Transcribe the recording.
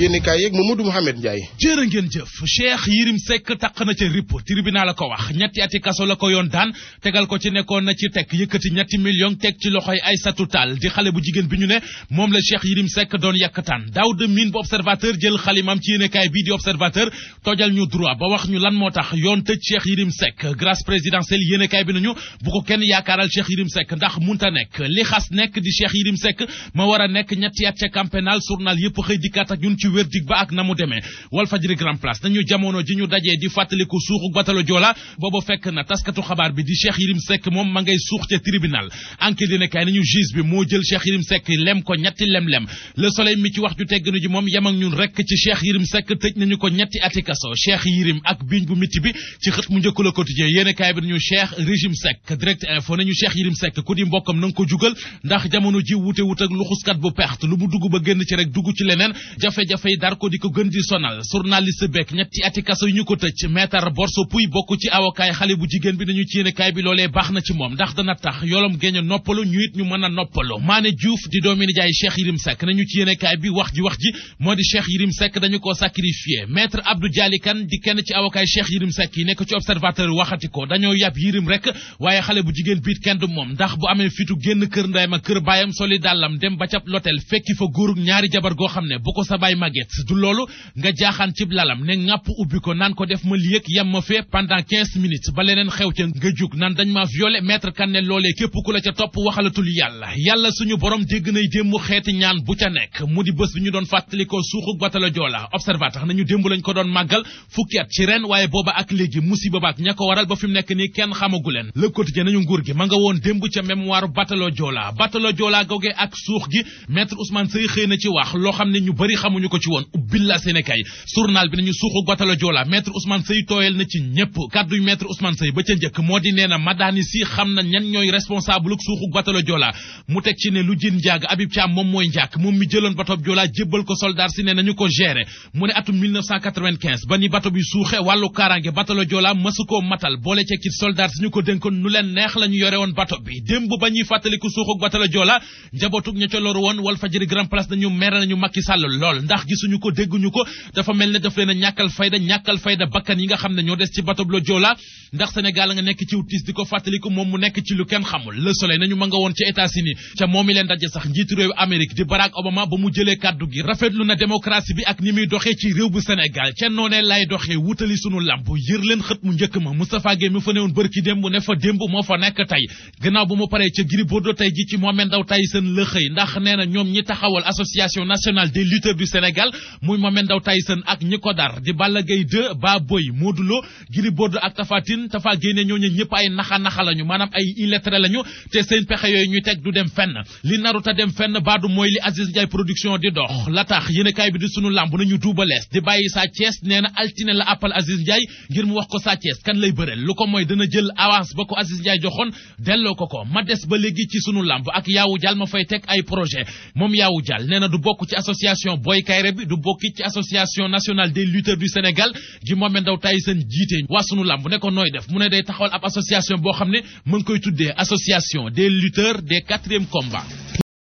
yéenekaay a Mamadou Mouhamed Ndiaye jërë ngeen jëf Cheikh Yérim Seck taq na ca ripp tribunal la ko wax ñetti kaso la ko yoon daan tegal ko ci nekkoon na ci tekk yëkkati ñetti teg ci loxoy Aïssatou Tall di xale bu jigéen bi ñu ne moom la Cheikh Yérim Seck doon yàkkataan Daouda Mine bu observateur jël xalimam ci yéenekaay bii di observateur tojal ñu droit ba wax ñu lan moo tax yoon tëj Cheikh Yérim Seck grâce présidentielle yéenekaay bi nañu bu ko kenn yaakaaral Cheikh Yérim Seck ndax a verdict ba ak na mu demee Walfadjri Grand Place nañu jamono ji ñu dajee di fàttaliku suuxu batalo Joola booba fekk na taskatu xabaar bi di Cheikh Yirim Seck moom ma ngay suux ca tribunal enquête dina kay nañu juge bi moo jël Cheikh Yirim Seck lem ko ñetti lem-lem Le Soleil mi ci wax ju teggnu ji moom yam ak ci Cheikh Yirim Seck tëj nañu ko ñetti ati kaso Cheikh Yirim ak biiñ bu mitti bi ci xët mu njëkk Le Quotidien yéene kaay bi nañu Cheikh Régime Seck direct info na ko jugal ndax jamono ji wute wut ak luxuskat bu ba génn ci rek dugg ci leneen jafe-jafey dar ko di ko gën di sonal journaliste bekk ñetti ati kaso yu ñu ko tëj maître Borso Pouy bokk ci awokaay xale bu jigéen bi nañu ci yéenekaay bi loolee baax na ci moom ndax dana tax yoolom génn noppalu ñu it ñu mën a noppalu Mané Diouf di doomi nijaay Cheikh Yirim Seck nañu ci yéenekaay bi wax ji wax ji moo di Cheikh Yirim Seck dañu ko sacrifié maître Abdou Dialy Kane di kenn ci awokaay Cheikh Yirim Seck yi nekk ci observateur waxati ko dañoo yàpp Yirim rek waaye xale bu jigéen biit kenn du moom ndax bu amee fitu génn kër ndayma kër baayam soli dàllam dem ba ca l'hôtel fekki fa góorug ñaari jabar goo xam ne bu ko màgget du loolu nga jaaxaan cib lalam ne ŋàpp ubbi ko naan ko def ma liyëg yem ma fee pendant quinze minutes ba leneen xew ca nga jug naan dañ ma violé maître kan ne loolee képp ku la ca topp waxalatul yàlla yàlla suñu borom dégg nay démb xeeti ñaan bu ca nekk mu di bés bi doon fàttalikoo suuxuk batala joola observateur nañu démb lañ ko doon màggal fukki ci ren waaye booba ak léegi musiba baak ña ko waral ba fi nekk nii kenn xamagu leen le quotidien nañu ko ci woon ubbil la Sénégal journal bi nañu suuxu batalo joola maître Ousmane Seye tooyal na ci ñépp kàdduy maître Ousmane Seye ba ca njëkk moo di nee madaani si xam na ñan ñooy responsable batalo joola mu teg ci ne lu jin njaag Habib Thiam moom mooy njaag moom mi jëloon batob joola jébbal ko soldat si ne nañu ko gérer mu ne atum 1995 ba suuxe wàllu kaaraange batalo joola mësu matal boole ceeg ci si ñu ko dénkoon nu leen neex la ñu yore wax gisuñu ko dégguñu ko dafa mel ne daf leen a ñàkkal fayda ñàkkal fayda bakkan yi nga xam ne ñoo des ci bateau Joola ndax Sénégal nga nekk ci tiis di ko fàttaliku moom mu nekk ci lu kenn xamul Le Soleil nañu ma nga woon ci États-Unis ca moom mi leen daje sax njiitu réew bi ak ni muy lay doxee wutali sunu làmb yër leen xët mu njëkk ma Moustapha Gueye mi fa newoon bërki démb ne fa démb moo fa nekk tey gannaaw bu mu paree ca Gris tey ji Sénégal muy Mohamed Ndao Tyson ak ñi ko dar di Balla Gaye 2 Baboy Modou Lo Gris Bordeaux ak Tapha Tine Tapha Guèye ñooñu ay naxa naxa lañu maanaam ay illettré lañu te seen pexe yooyu ñuy teg du dem fenn li naruta dem fenn baadu mooy li Aziz Ndiaye production di dox la tax yéenekaay bi di sunu làmb nañu duubalees di bàyyi Sa Thiès altine la appal Aziz Ndiaye ngir mu wax ko Sa Thiès kan lay bëreel lu ko mooy dana jël avance ba ko Aziz Ndiaye joxoon delloo ko ko ma des ba léegi ci sunu làmb ak yaawu jal ma fay teg ay projet moom yaawu daayira bi du bokkit ci association nationale des lutteurs du Sénégal gi Mohamed Ndao Tyson jiite waa sunu làmb ne ko nooy def mu ne day taxawal ab association boo xam ne mu ngi koy tuddee association des lutteurs des quatrième combats